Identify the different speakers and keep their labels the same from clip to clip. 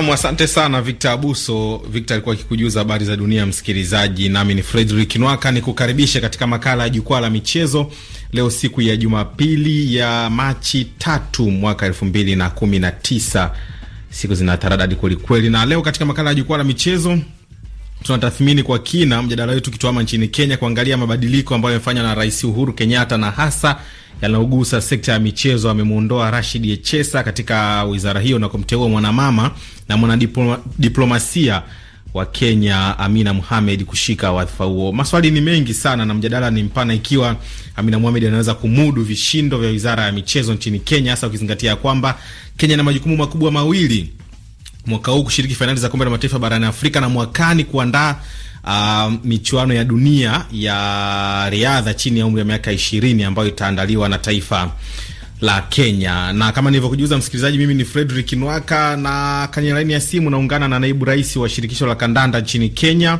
Speaker 1: Nam, asante sana Victor Abuso. Victor alikuwa akikujuza habari za dunia, msikilizaji, nami ni Fredrik Nwaka ni kukaribisha katika makala ya jukwaa la michezo leo siku ya Jumapili ya Machi tatu mwaka elfu mbili na kumi na tisa. Siku zina taradadi kwelikweli, na leo katika makala ya jukwaa la michezo tunatathmini kwa kina mjadala wetu kitwama nchini Kenya, kuangalia mabadiliko ambayo yamefanywa na Rais Uhuru Kenyatta na hasa yanayogusa sekta ya michezo amemwondoa Rashid Echesa katika wizara hiyo na kumteua mwanamama na mwanadiplomasia wa Kenya Amina Mohamed kushika wadhifa huo. Maswali ni mengi sana na mjadala ni mpana, ikiwa Amina Mohamed anaweza kumudu vishindo vya wizara ya michezo nchini Kenya, hasa ukizingatia kwamba Kenya ina majukumu makubwa mawili mwaka huu kushiriki fainali za kombe la mataifa barani Afrika na mwakani kuandaa uh, michuano ya dunia ya riadha chini ya umri wa miaka ishirini ambayo itaandaliwa na taifa la Kenya. Na kama nilivyokujuza msikilizaji, mimi ni Fredrick Nwaka na kwenye laini ya simu naungana na naibu rais wa shirikisho la kandanda nchini Kenya,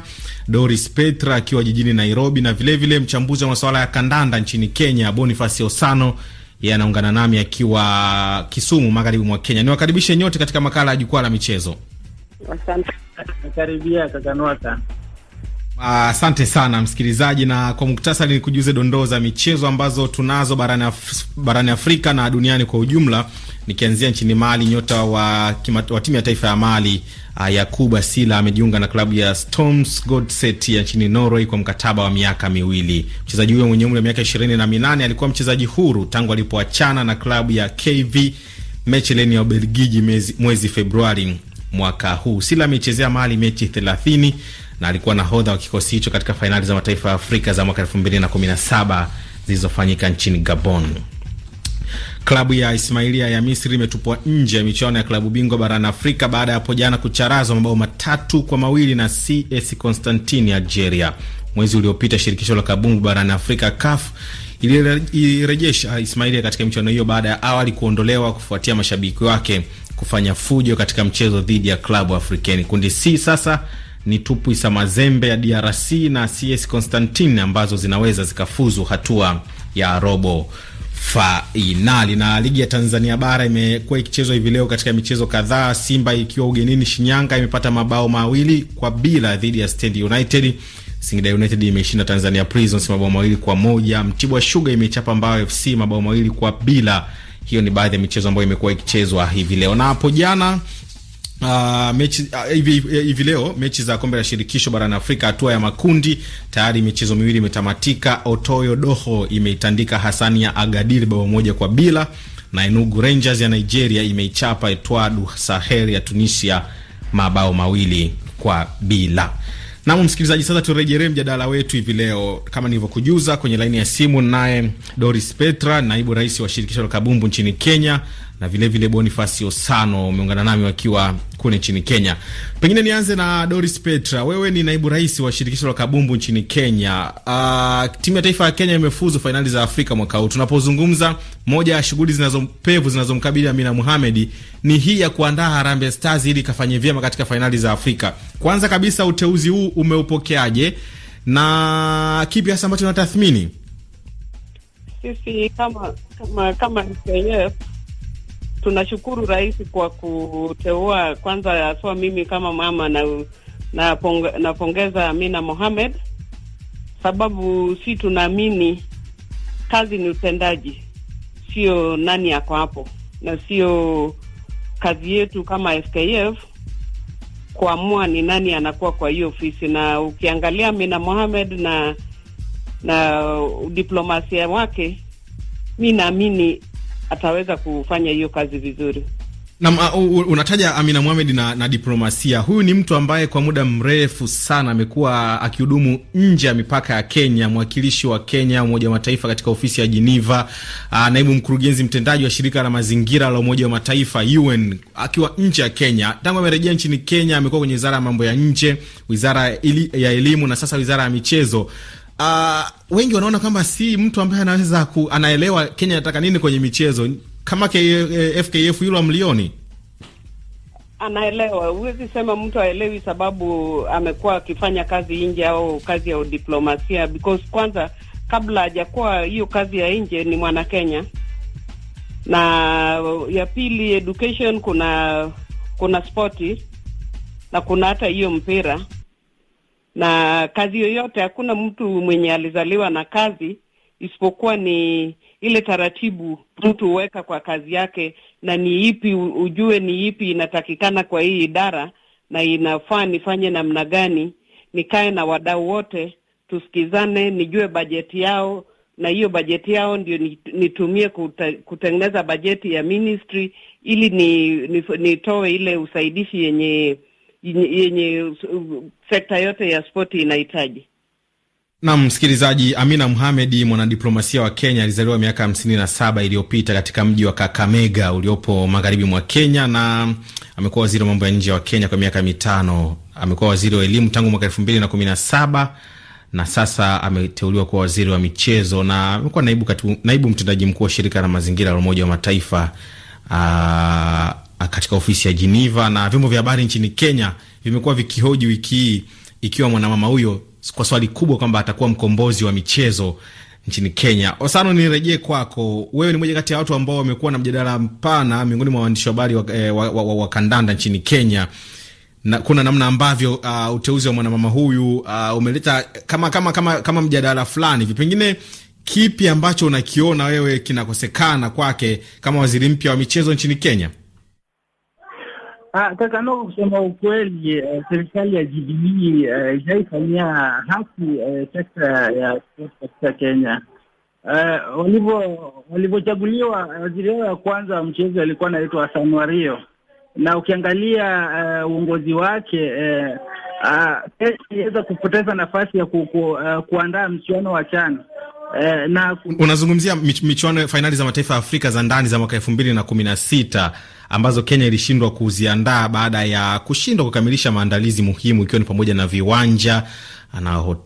Speaker 1: Doris Petra akiwa jijini Nairobi, na vilevile vile mchambuzi wa masuala ya kandanda nchini Kenya Boniface Osano, yeye anaungana nami akiwa Kisumu, magharibi mwa Kenya. Niwakaribishe nyote katika makala ya jukwaa la michezo.
Speaker 2: Asante. Karibia kakanwaka.
Speaker 1: Asante uh, sana msikilizaji, na kwa muktasari ni kujuze dondoo za michezo ambazo tunazo barani, Af barani Afrika na duniani kwa ujumla, nikianzia nchini Mali. Nyota wa, wa timu ya taifa ya Mali uh, ah, Yakuba Sila amejiunga na klabu ya Storms Godset ya nchini Norway kwa mkataba wa miaka miwili. Mchezaji huyo mwenye umri wa miaka ishirini na minane alikuwa mchezaji huru tangu alipoachana na klabu ya KV Mechelen ya Ubelgiji mwezi Februari mwaka huu. Sila amechezea Mali mechi thelathini na alikuwa nahodha wa kikosi hicho katika fainali za mataifa ya Afrika za mwaka 2017 zilizofanyika nchini Gabon. Klabu ya Ismailia ya Misri imetupwa nje ya michuano ya klabu bingwa barani Afrika baada ya hapo jana kucharazwa mabao matatu kwa mawili na CS Constantine Algeria. Mwezi uliopita shirikisho la kabumbu barani Afrika CAF ilirejesha Ismailia katika michuano hiyo baada ya awali kuondolewa kufuatia mashabiki wake kufanya fujo katika mchezo dhidi ya klabu Afrikeni. Kundi C sasa ni Tupuisa Mazembe ya DRC na CS Constantin ambazo zinaweza zikafuzu hatua ya robo fainali. Na ligi ya Tanzania bara imekuwa ikichezwa hivi leo katika michezo kadhaa, Simba ikiwa ugenini Shinyanga imepata mabao mawili kwa bila dhidi ya Stand United. Singida United imeshinda Tanzania Prisons mabao mawili kwa moja. Mtibwa Sugar imechapa Mbao FC mabao mawili kwa bila. Hiyo ni baadhi ya michezo ambayo imekuwa ikichezwa hivi leo na hapo jana Uh, mechi ah, hivi uh, leo mechi za kombe la shirikisho barani Afrika hatua ya makundi tayari michezo miwili imetamatika. Otoyo Doho imeitandika Hasania Agadir bao moja kwa bila, na Enugu Rangers ya Nigeria imeichapa Etoile du Sahel ya Tunisia mabao mawili kwa bila. Nam msikilizaji, sasa turejelee mjadala wetu hivi leo. Kama nilivyokujuza kwenye laini ya simu, naye Doris Petra, naibu rais wa shirikisho la kabumbu nchini Kenya, na vilevile Bonifasi Osano umeungana nami wakiwa kule nchini Kenya. Pengine nianze na Doris Petra, wewe ni naibu rais wa shirikisho la kabumbu nchini Kenya. Uh, timu ya taifa ya Kenya imefuzu fainali za Afrika mwaka huu. Tunapozungumza, moja ya shughuli zinazopevu zinazomkabili Amina Mohamed ni hii ya kuandaa Harambee Stars ili ikafanye vyema katika fainali za Afrika. Kwanza kabisa, uteuzi huu umeupokeaje na kipi hasa ambacho natathmini?
Speaker 3: Sisi kama kama kama tunashukuru rais kwa kuteua kwanza, aswa mimi kama mama napongeza na napongeza na Amina Mohamed, sababu si tunaamini kazi ni utendaji, sio nani yako hapo, na sio kazi yetu kama FKF kuamua ni nani anakuwa kwa hiyo ofisi. Na ukiangalia Amina Mohamed na na diplomasia wake, mi naamini ataweza kufanya hiyo kazi vizuri.
Speaker 1: Na, uh, unataja Amina Mohamed na, na diplomasia. Huyu ni mtu ambaye kwa muda mrefu sana amekuwa akihudumu nje ya mipaka ya Kenya, mwakilishi wa Kenya Umoja wa Mataifa katika ofisi ya Geneva, uh, naibu mkurugenzi mtendaji wa shirika la mazingira la Umoja wa Mataifa UN akiwa nje ya Kenya. Tangu amerejea nchini Kenya amekuwa kwenye wizara ya mambo ya nje, wizara ya elimu na sasa wizara ya michezo uh, wengi wanaona kwamba si mtu ambaye anaweza ku, anaelewa Kenya inataka nini kwenye michezo kama FKF eh, yule mlioni
Speaker 3: anaelewa. Huwezi sema mtu aelewi, sababu amekuwa akifanya kazi nje au kazi ya diplomasia, because kwanza kabla hajakuwa hiyo kazi ya nje ni mwana Kenya, na ya pili education, kuna kuna spoti na kuna hata hiyo mpira na kazi yoyote. Hakuna mtu mwenye alizaliwa na kazi, isipokuwa ni ile taratibu mtu huweka kwa kazi yake, na ni ipi ujue, ni ipi inatakikana kwa hii idara na inafaa nifanye namna gani, nikae na wadau wote tusikizane, nijue bajeti yao, na hiyo bajeti yao ndio nitumie kutengeneza bajeti ya ministry ili ni, ni, nitoe ile usaidishi yenye yenye sekta yote ya spoti inahitaji.
Speaker 1: Na msikilizaji, Amina Mohamed, mwanadiplomasia wa Kenya, alizaliwa miaka hamsini na saba iliyopita katika mji wa Kakamega uliopo magharibi mwa Kenya, na amekuwa waziri wa mambo ya nje wa Kenya kwa miaka mitano. Amekuwa waziri wa elimu tangu mwaka elfu mbili na kumi na saba na sasa ameteuliwa kuwa waziri wa michezo na amekuwa naibu, naibu mtendaji mkuu wa shirika la mazingira la Umoja wa Mataifa. Aa, ah, Ah, katika ofisi ya Geneva, na vyombo vya habari nchini Kenya vimekuwa vikihoji wiki hii ikiwa mwanamama huyo kwa swali kubwa kwamba atakuwa mkombozi wa michezo nchini Kenya. Osano, nirejee kwako. Wewe ni moja kati ya watu ambao wamekuwa na mjadala mpana miongoni mwa waandishi wa habari wa, eh, wa, wa, wa, wa kandanda nchini Kenya na, kuna namna ambavyo uh, uteuzi wa mwanamama huyu uh, umeleta kama, kama, kama, kama mjadala fulani hivi. Pengine kipi ambacho unakiona wewe kinakosekana kwake kama waziri mpya wa michezo nchini Kenya?
Speaker 2: Ah, kaka kusema ukweli, eh, serikali ya Jubilii eh, ijaifanyia haki eh, sekta ya spoti katika Kenya. Walivyochaguliwa waziri wao ya kwanza wa mchezo alikuwa anaitwa Hassan Wario, na ukiangalia uongozi wake ah, iliweza kupoteza nafasi ya kuandaa mchuano wa chana Eh, na unazungumzia mich,
Speaker 1: michuano fainali za mataifa ya Afrika za ndani za mwaka elfu mbili na kumi na sita ambazo Kenya ilishindwa kuziandaa baada ya kushindwa kukamilisha maandalizi muhimu ikiwa ni pamoja na viwanja na,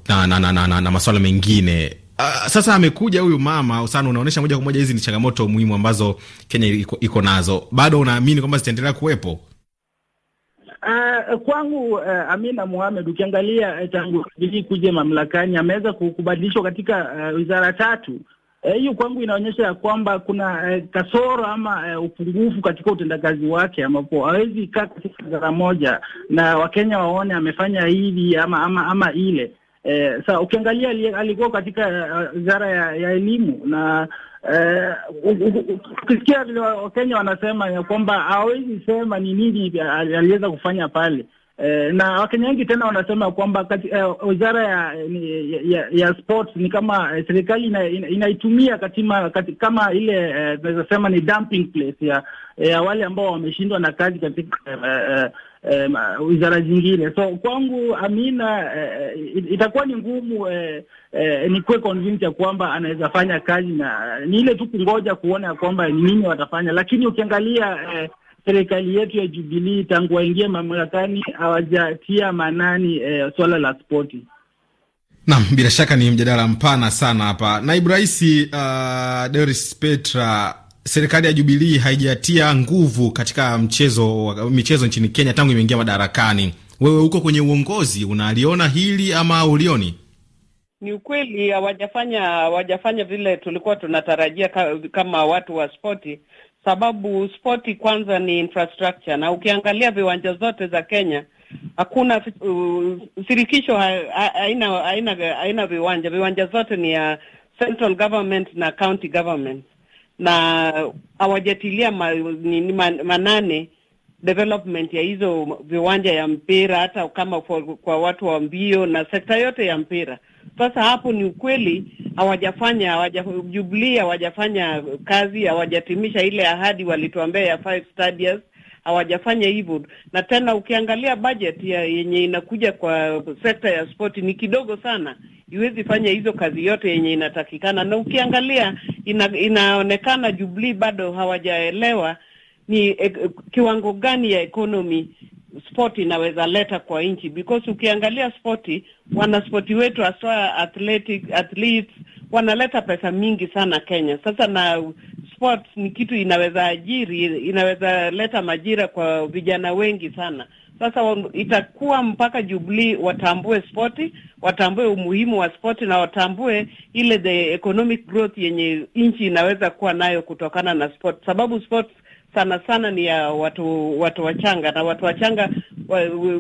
Speaker 1: na, na, na, na, na, na maswala mengine. Uh, sasa amekuja huyu mama sana, unaonyesha moja kwa moja hizi ni changamoto muhimu ambazo Kenya iko, iko nazo. Bado unaamini kwamba zitaendelea kuwepo?
Speaker 2: Uh, kwangu uh, Amina Mohamed ukiangalia uh, tangu Jubilii kuje mamlakani ameweza kubadilishwa katika wizara uh, tatu hiyo kwangu inaonyesha ya kwamba kuna uh, kasoro ama uh, upungufu katika utendakazi wake, ambapo hawezi kaa katika wizara moja na Wakenya waone amefanya hivi ama ama ama ile. Uh, sa ukiangalia alikuwa katika wizara uh, ya elimu na Eh, Ukisikia vile Wakenya wanasema ya kwamba hawezi sema ni nini aliweza kufanya pale. E, na Wakenya wengi tena wanasema kwamba eh, wizara ya, ya, ya, ya sports ni kama eh, serikali ina, ina, inaitumia katima, kati, kama ile eh, naweza sema ni dumping place ya, ya wale ambao wameshindwa na kazi katika eh, eh, Eh, wizara zingine. So kwangu Amina eh, eh itakuwa ni ngumu eh, eh, ni kuwe ya kwamba anaweza fanya kazi, na eh, ni ile tu kungoja kuona ya kwamba nini watafanya, lakini ukiangalia eh, serikali yetu ya Jubilii tangu waingie mamlakani hawajatia manani eh, swala la spoti.
Speaker 1: Naam, bila shaka ni mjadala mpana sana hapa. Naibu Rais uh, Doris Petra serikali ya Jubilii haijatia nguvu katika mchezo michezo nchini Kenya tangu imeingia madarakani. Wewe uko kwenye uongozi, unaliona hili ama ulioni?
Speaker 3: Ni ukweli hawajafanya hawajafanya vile tulikuwa tunatarajia kama watu wa spoti, sababu spoti kwanza ni infrastructure, na ukiangalia viwanja zote za Kenya hakuna uh, shirikisho haina haina viwanja, viwanja zote ni ya central government na county government na hawajatilia ma, manane development ya hizo viwanja ya mpira hata kama kwa, kwa watu wa mbio na sekta yote ya mpira. Sasa hapo ni ukweli, hawajafanya hawaja, hawajafanya kazi, hawajatimisha ile ahadi walituambia ya five stadiums hawajafanya hivyo, na tena ukiangalia budget ya yenye inakuja kwa sekta ya spoti ni kidogo sana, iwezi fanya hizo kazi yote yenye inatakikana. Na ukiangalia ina, inaonekana Jubilee bado hawajaelewa ni e, kiwango gani ya economy spoti inaweza leta kwa nchi, because ukiangalia spoti, wanaspoti wetu aswa athletic athletes wanaleta pesa mingi sana Kenya. Sasa na sports ni kitu inaweza ajiri, inaweza leta majira kwa vijana wengi sana. Sasa itakuwa mpaka Jubilee watambue spoti, watambue umuhimu wa spoti na watambue ile the economic growth yenye nchi inaweza kuwa nayo kutokana na sport, sababu sport sana sana ni ya watu watu wachanga, na watu wachanga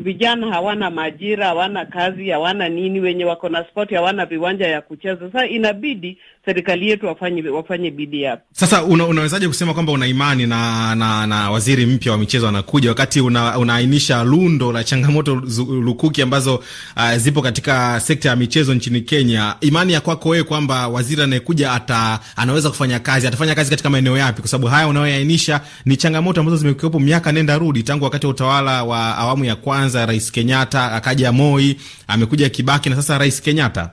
Speaker 3: vijana hawana maajira, hawana kazi, hawana nini, wenye wako na spoti hawana viwanja ya kucheza. Sasa inabidi serikali yetu wafanye wafanye bidii hapo.
Speaker 1: Sasa una, unawezaje kusema kwamba una imani na, na, na waziri mpya wa michezo anakuja wakati una, unaainisha lundo la changamoto lukuki ambazo uh, zipo katika sekta ya michezo nchini Kenya? Imani ya kwako wewe kwamba waziri anayekuja ata anaweza kufanya kazi, atafanya kazi katika maeneo yapi? Kwa sababu haya unayoainisha ni changamoto ambazo zimekuwepo miaka nenda rudi tangu wakati wa utawala wa awamu ya kwanza, Rais Kenyatta, akaja Moi, amekuja Kibaki na sasa Rais Kenyatta.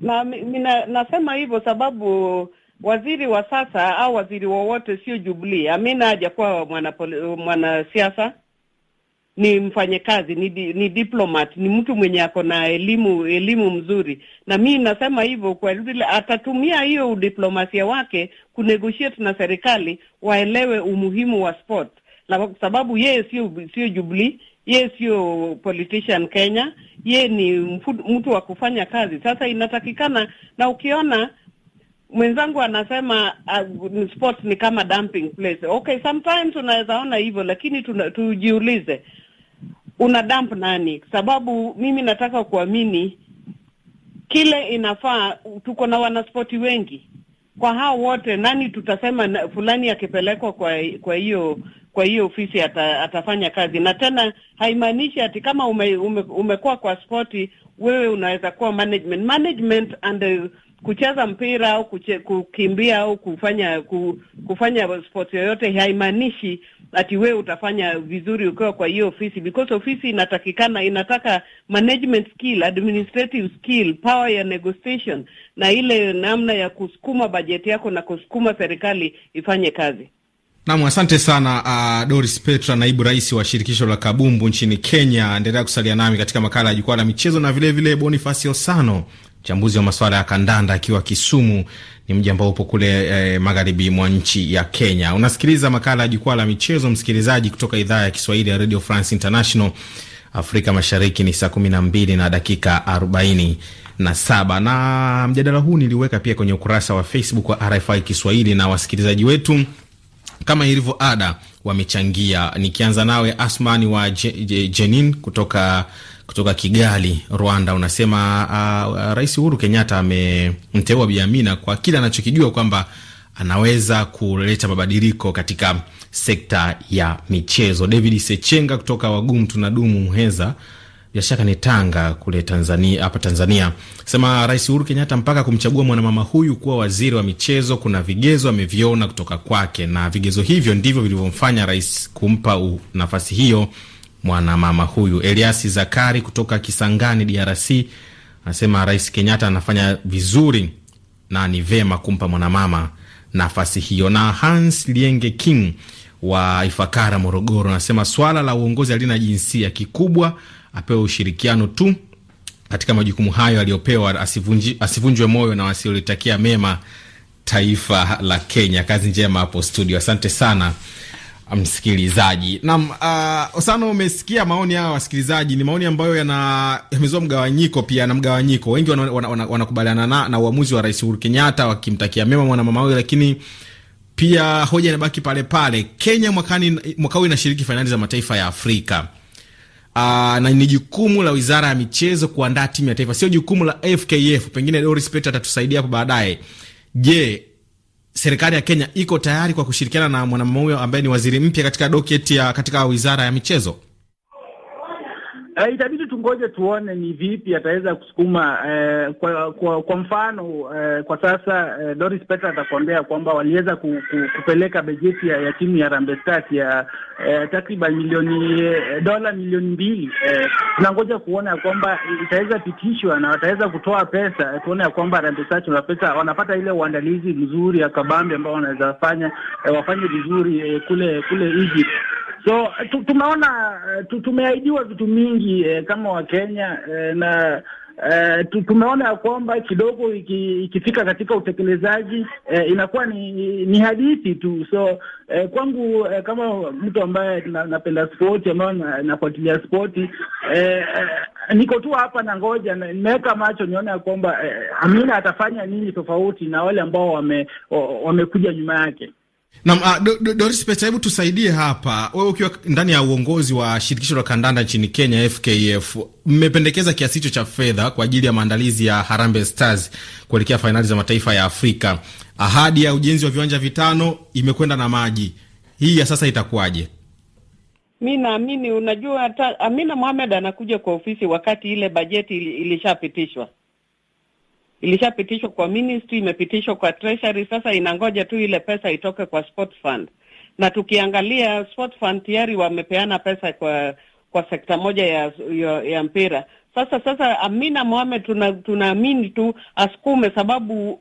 Speaker 3: Na, mina, nasema hivyo sababu waziri wa sasa au waziri wowote sio Jubilee. Amina hajakuwa mwanasiasa mwana ni mfanyakazi, ni di, ni diplomat, ni mtu mwenye ako na elimu elimu mzuri, na mi nasema hivyo kwa vile atatumia hiyo udiplomasia wake kunegotiate na serikali waelewe umuhimu wa sport, kwa sababu yeye sio sio jubli yeye sio politician Kenya, yeye ni mtu wa kufanya kazi. Sasa inatakikana na ukiona Mwenzangu anasema uh, sport ni kama dumping place. Okay, sometimes unaweza ona hivyo, lakini tuna, tujiulize una dump nani? Sababu mimi nataka kuamini kile inafaa. Tuko na wanaspoti wengi, kwa hao wote nani tutasema na, fulani akipelekwa kwa kwa hiyo kwa hiyo ofisi ata, atafanya kazi. Na tena haimaanishi ati kama ume, ume, umekuwa kwa spoti wewe unaweza kuwa management management and uh, kucheza mpira au kuche, kukimbia au kufanya ku, kufanya sport yoyote haimaanishi ati wewe utafanya vizuri ukiwa kwa hiyo ofisi, because ofisi inatakikana inataka management skill, administrative skill, power ya negotiation na ile namna ya kusukuma bajeti yako na kusukuma serikali ifanye kazi.
Speaker 1: Nam, asante sana uh, Doris Petra, naibu rais wa shirikisho la kabumbu nchini Kenya. Endelea kusalia nami katika makala ya jukwaa la michezo na vilevile Bonifasi Osano mchambuzi wa masuala ya kandanda akiwa Kisumu, ni mji ambao upo kule eh, magharibi mwa nchi ya Kenya. Unasikiliza makala ya jukwaa la michezo, msikilizaji, kutoka idhaa ya Kiswahili ya Radio France International. Afrika Mashariki ni saa 12 na dakika 47, na mjadala huu niliweka pia kwenye ukurasa wa Facebook wa RFI Kiswahili na wasikilizaji wetu kama ilivyo ada wamechangia. Nikianza nawe Asmani wa Jenin kutoka kutoka Kigali, Rwanda, unasema uh, uh, Rais Uhuru Kenyatta amemteua Bi Amina kwa kile anachokijua kwamba anaweza kuleta mabadiliko katika sekta ya michezo. David Sechenga kutoka Wagumu tunadumu Muheza, bila shaka ni Tanga kule Tanzania, hapa Tanzania, sema Rais Uhuru Kenyatta mpaka kumchagua mwanamama huyu kuwa waziri wa michezo, kuna vigezo ameviona kutoka kwake, na vigezo hivyo ndivyo vilivyomfanya rais kumpa nafasi hiyo mwanamama huyu. Eliasi Zakari kutoka Kisangani, DRC, anasema Rais Kenyatta anafanya vizuri na ni vema kumpa mwanamama nafasi hiyo. Na Hans Lienge King wa Ifakara, Morogoro, anasema swala la uongozi halina jinsia, kikubwa apewe ushirikiano tu katika majukumu hayo aliyopewa, asivunjwe moyo na wasiolitakia mema taifa la Kenya. Kazi njema hapo studio, asante sana msikilizaji. nam uh, sana umesikia maoni haya wasikilizaji, ni maoni ambayo yana yamezua mgawanyiko pia na mgawanyiko. Wengi wanakubaliana wana, wana, wana na, na uamuzi wa Rais Uhuru Kenyatta wakimtakia mema mwanamama huyo, lakini pia hoja inabaki pale pale. Kenya mwakani, mwaka huu inashiriki fainali za mataifa ya Afrika. Aa, uh, na ni jukumu la Wizara ya Michezo kuandaa timu ya taifa, sio jukumu la FKF. Pengine Doris atatusaidia hapo baadaye. Je, serikali ya Kenya iko tayari kwa kushirikiana na mwanamama huyo ambaye ni waziri mpya katika doketi ya katika wizara ya michezo?
Speaker 2: Uh, itabidi tungoje tuone ni vipi ataweza kusukuma uh, kwa, kwa kwa mfano uh, kwa sasa uh, Doris Petra atakwambia kwamba waliweza ku, ku, kupeleka bajeti ya, ya timu ya Harambee Stars ya uh, takriban milioni uh, dola milioni mbili. Tunangoja kuona kwamba itaweza pitishwa na wataweza kutoa pesa, tuone ya kwamba Harambee Stars wana pesa, wanapata ile uandalizi mzuri ya kabambe ambao wanaweza fanya uh, wafanye vizuri uh, kule kule Egypt. So eh, tumeona eh, tumeahidiwa vitu mingi eh, kama Wakenya eh, na eh, tumeona ya kwamba kidogo iki, ikifika katika utekelezaji eh, inakuwa ni, ni hadithi tu. So eh, kwangu eh, kama mtu ambaye napenda spoti ambayo nafuatilia spoti eh, eh, niko tu hapa na ngoja nimeweka macho nione ya kwamba eh, Amina atafanya nini tofauti na wale ambao wamekuja wame nyuma yake.
Speaker 1: Na ah, Doris Pecha, hebu tusaidie hapa, wewe ukiwa ndani ya uongozi wa shirikisho la kandanda nchini Kenya FKF, mmependekeza kiasi hicho cha fedha kwa ajili ya maandalizi ya Harambee Stars kuelekea fainali za mataifa ya Afrika. Ahadi ya ujenzi wa viwanja vitano imekwenda na maji, hii ya sasa itakuwaje?
Speaker 3: Mi naamini, unajua hata Amina Mohamed anakuja kwa ofisi wakati ile bajeti ilishapitishwa ilishapitishwa kwa ministry, imepitishwa kwa treasury, sasa inangoja tu ile pesa itoke kwa sports fund. Na tukiangalia sports fund tayari wamepeana pesa kwa kwa sekta moja ya, ya, ya mpira. Sasa sasa Amina Mohamed tunaamini tu asukume, sababu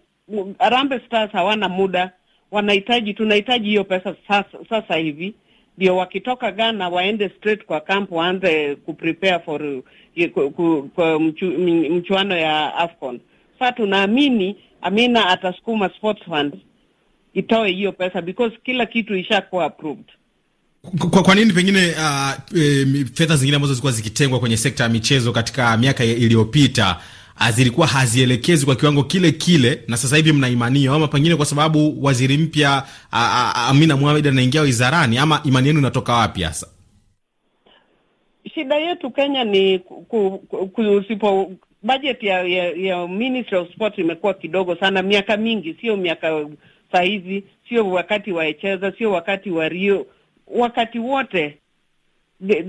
Speaker 3: Harambee Stars hawana muda, wanahitaji tunahitaji hiyo pesa sasa, sasa hivi ndio wakitoka Ghana waende straight kwa camp waanze kuprepare for ku, ku, ku, mchu, mchuano ya AFCON. Sasa tunaamini Amina atasukuma sports fund itoe hiyo pesa because kila kitu ishakuwa approved.
Speaker 1: Kwa, kwa nini pengine uh, e, fedha zingine ambazo zilikuwa zikitengwa kwenye sekta ya michezo katika miaka iliyopita ah, zilikuwa hazielekezwi kwa kiwango kile kile, na sasa hivi mnaimania, ama pengine kwa sababu waziri mpya ah, ah, Amina Mohamed anaingia wizarani, ama imani yenu inatoka wapi hasa?
Speaker 3: Shida yetu Kenya ni kusipo ku, ku, bajeti ya, ya, ya Ministry of Sport imekuwa kidogo sana miaka mingi, sio miaka saa hizi, sio wakati wa Echeza, sio wakati wa Rio, wakati wote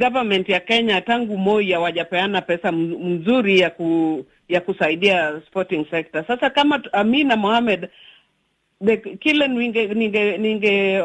Speaker 3: government ya Kenya tangu Moi hawajapeana pesa mzuri ya ku, ya kusaidia sporting sector. Sasa kama Amina Mohamed kile ningeomba ninge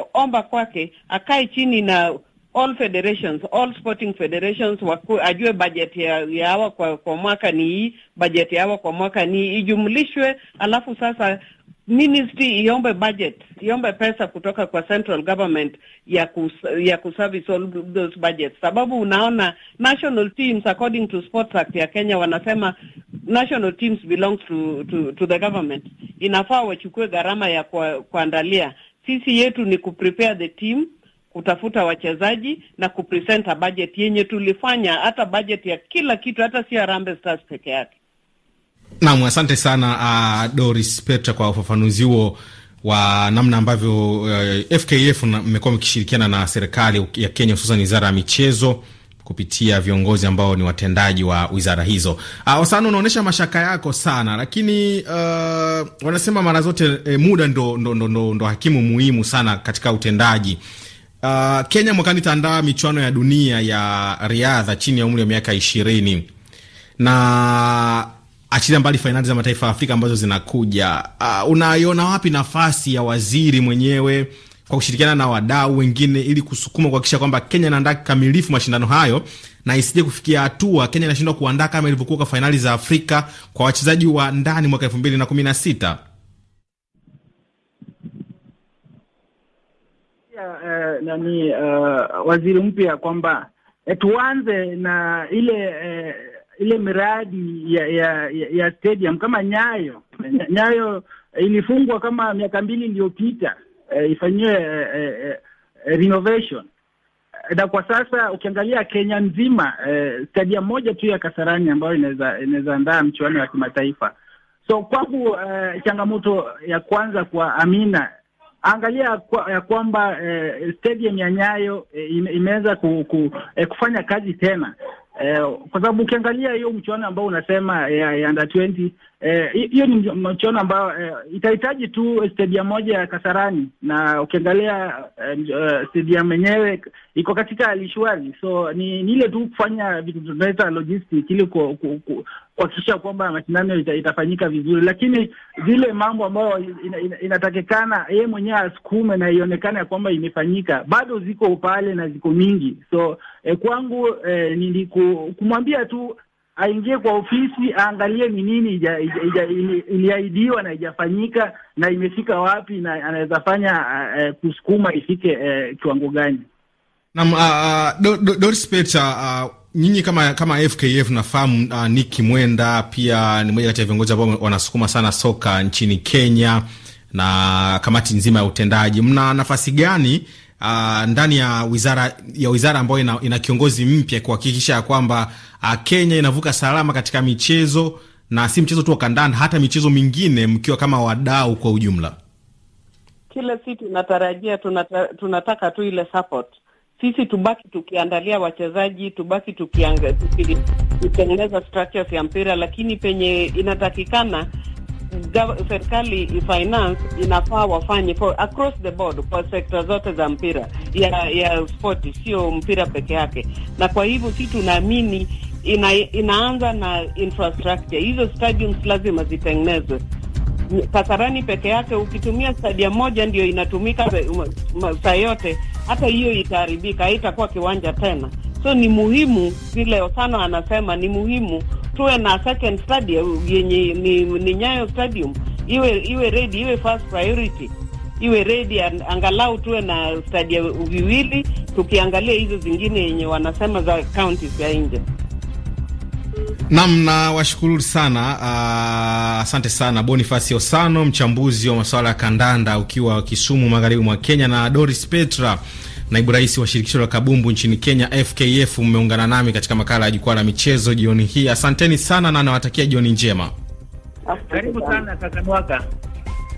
Speaker 3: kwake akae chini na all federations, all sporting federations waku, ajue bajeti ya, ya hawa kwa, kwa mwaka ni hii, bajeti ya hawa kwa mwaka ni hii, ijumlishwe, alafu sasa ministry iombe budget, iombe pesa kutoka kwa central government ya kus, ya kuservice all those budgets, sababu unaona national teams according to Sports Act ya Kenya wanasema national teams belongs to, to, to the government. Inafaa wachukue gharama ya kuandalia. Sisi yetu ni kuprepare the team kutafuta wachezaji na kupresenta budget yenye tulifanya, hata budget ya kila kitu, hata si Harambee Stars peke yake.
Speaker 1: Naam, asante sana uh, Doris Petra kwa ufafanuzi huo wa namna ambavyo uh, eh, FKF mmekuwa mkishirikiana na serikali ya Kenya, hususan wizara ya michezo kupitia viongozi ambao ni watendaji wa wizara hizo. Uh, ah, sana unaonyesha mashaka yako sana, lakini uh, wanasema mara zote eh, muda ndo, ndo, ndo, ndo, ndo hakimu muhimu sana katika utendaji Uh, Kenya mwakani itaandaa michuano ya dunia ya riadha chini ya umri wa miaka ishirini na achilia mbali fainali za mataifa ya Afrika ambazo zinakuja. Uh, unaiona wapi nafasi ya waziri mwenyewe kwa kushirikiana na wadau wengine ili kusukuma kuhakikisha kwamba Kenya inaandaa kikamilifu mashindano hayo na isije kufikia hatua Kenya inashindwa kuandaa kama ilivyokuwa kwa fainali za Afrika kwa wachezaji wa ndani mwaka elfu mbili na kumi na sita?
Speaker 2: Uh, nani uh, waziri mpya kwamba eh, tuanze na ile eh, ile miradi ya ya, ya stadium kama Nyayo Nyayo ilifungwa kama miaka mbili iliyopita, eh, ifanyiwe eh, eh, renovation na kwa sasa ukiangalia Kenya nzima eh, stadium moja tu ya Kasarani ambayo inaweza inaweza andaa mchuano wa kimataifa. So kwangu eh, changamoto ya kwanza kwa Amina angalia kwa, ya kwamba eh, stadium ya Nyayo eh, imeweza ku, ku, eh, kufanya kazi tena eh, kwa sababu ukiangalia hiyo mchuano ambao unasema ya, ya under 20 Eh, hiyo eh, ni mchuano ambayo eh, itahitaji tu stadium moja ya Kasarani, na ukiangalia eh, eh stadium yenyewe iko katika hali shwari, so ni ile tu kufanya vitu tunaita logistics ili kuhakikisha kwamba mashindano ita, itafanyika vizuri, lakini zile mambo ambayo inatakikana ina, inatakikana yeye mwenyewe asukume na ionekane ya kwamba imefanyika bado ziko pale na ziko mingi, so eh, kwangu eh, ni kumwambia tu aingie kwa ofisi aangalie ni nini iliahidiwa na ijafanyika na imefika wapi, na anaweza fanya uh, kusukuma ifike uh, kiwango gani?
Speaker 1: Naam, ah, ah, Doris uh, nyinyi kama kama FKF nafahamu uh, Nick Mwenda pia ni mmoja kati ya viongozi ambao wanasukuma sana soka nchini Kenya na kamati nzima ya utendaji, mna nafasi gani uh, ndani ya wizara ya wizara ambayo ina, ina kiongozi mpya kuhakikisha ya kwamba uh, Kenya inavuka salama katika michezo na si mchezo tu wa kandanda, hata michezo mingine, mkiwa kama wadau kwa ujumla?
Speaker 3: Kile si tunatarajia tunata, tunataka tu ile support sisi tubaki tukiandalia wachezaji, tubaki tukitengeneza structures ya mpira, lakini penye inatakikana serikali finance inafaa wafanye for across the board kwa sekta zote za mpira ya ya spoti, sio mpira peke yake. Na kwa hivyo si tunaamini ina, inaanza na infrastructure. Hizo stadiums lazima zitengenezwe. Kasarani peke yake, ukitumia stadium moja ndio inatumika saa yote, hata hiyo itaharibika, haitakuwa kiwanja tena. So ni muhimu vile Osano anasema, ni muhimu tuwe na second stadium yenye ni, ni Nyayo Stadium iwe iwe ready, iwe first priority iwe ready, angalau tuwe na stadium viwili, tukiangalia hizo zingine yenye wanasema za county za nje.
Speaker 1: Nam na washukuru sana ah, asante sana Bonifasi Osano, mchambuzi wa masuala ya kandanda, ukiwa Kisumu, magharibi mwa Kenya, na Doris Petra Naibu rais wa shirikisho la kabumbu nchini Kenya, FKF, mmeungana nami katika makala ya jukwaa la michezo jioni hii. Asanteni sana na nawatakia jioni njema.
Speaker 2: Karibu sana kaka Mwaka.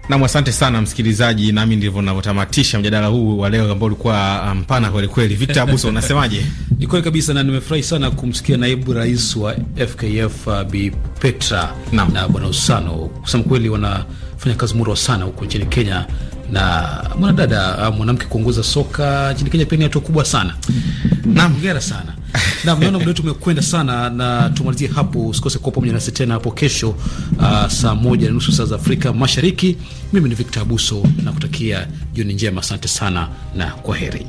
Speaker 1: Nam, asante sana msikilizaji, nami ndivyo navyotamatisha mjadala huu wa leo ambao ulikuwa ah, mpana kwelikweli. kweli. Victor Abuso, unasemaje? Ni kweli kabisa, na nimefurahi sana kumsikia naibu rais wa FKF uh, ah, Bi Petra na bwana Usano. Kusema kweli, wanafanya kazi murwa sana huko nchini Kenya na mwanadada ah, mwanamke kuongoza soka nchini Kenya pia ni hatua kubwa sana. Naam, hongera sana. Naam, naona muda wetu umekwenda sana na tumalizie hapo. Usikose kuwa pamoja nasi tena hapo kesho uh, saa moja na nusu saa za Afrika Mashariki. Mimi ni Victor Abuso na kutakia jioni njema, asante sana na kwa heri.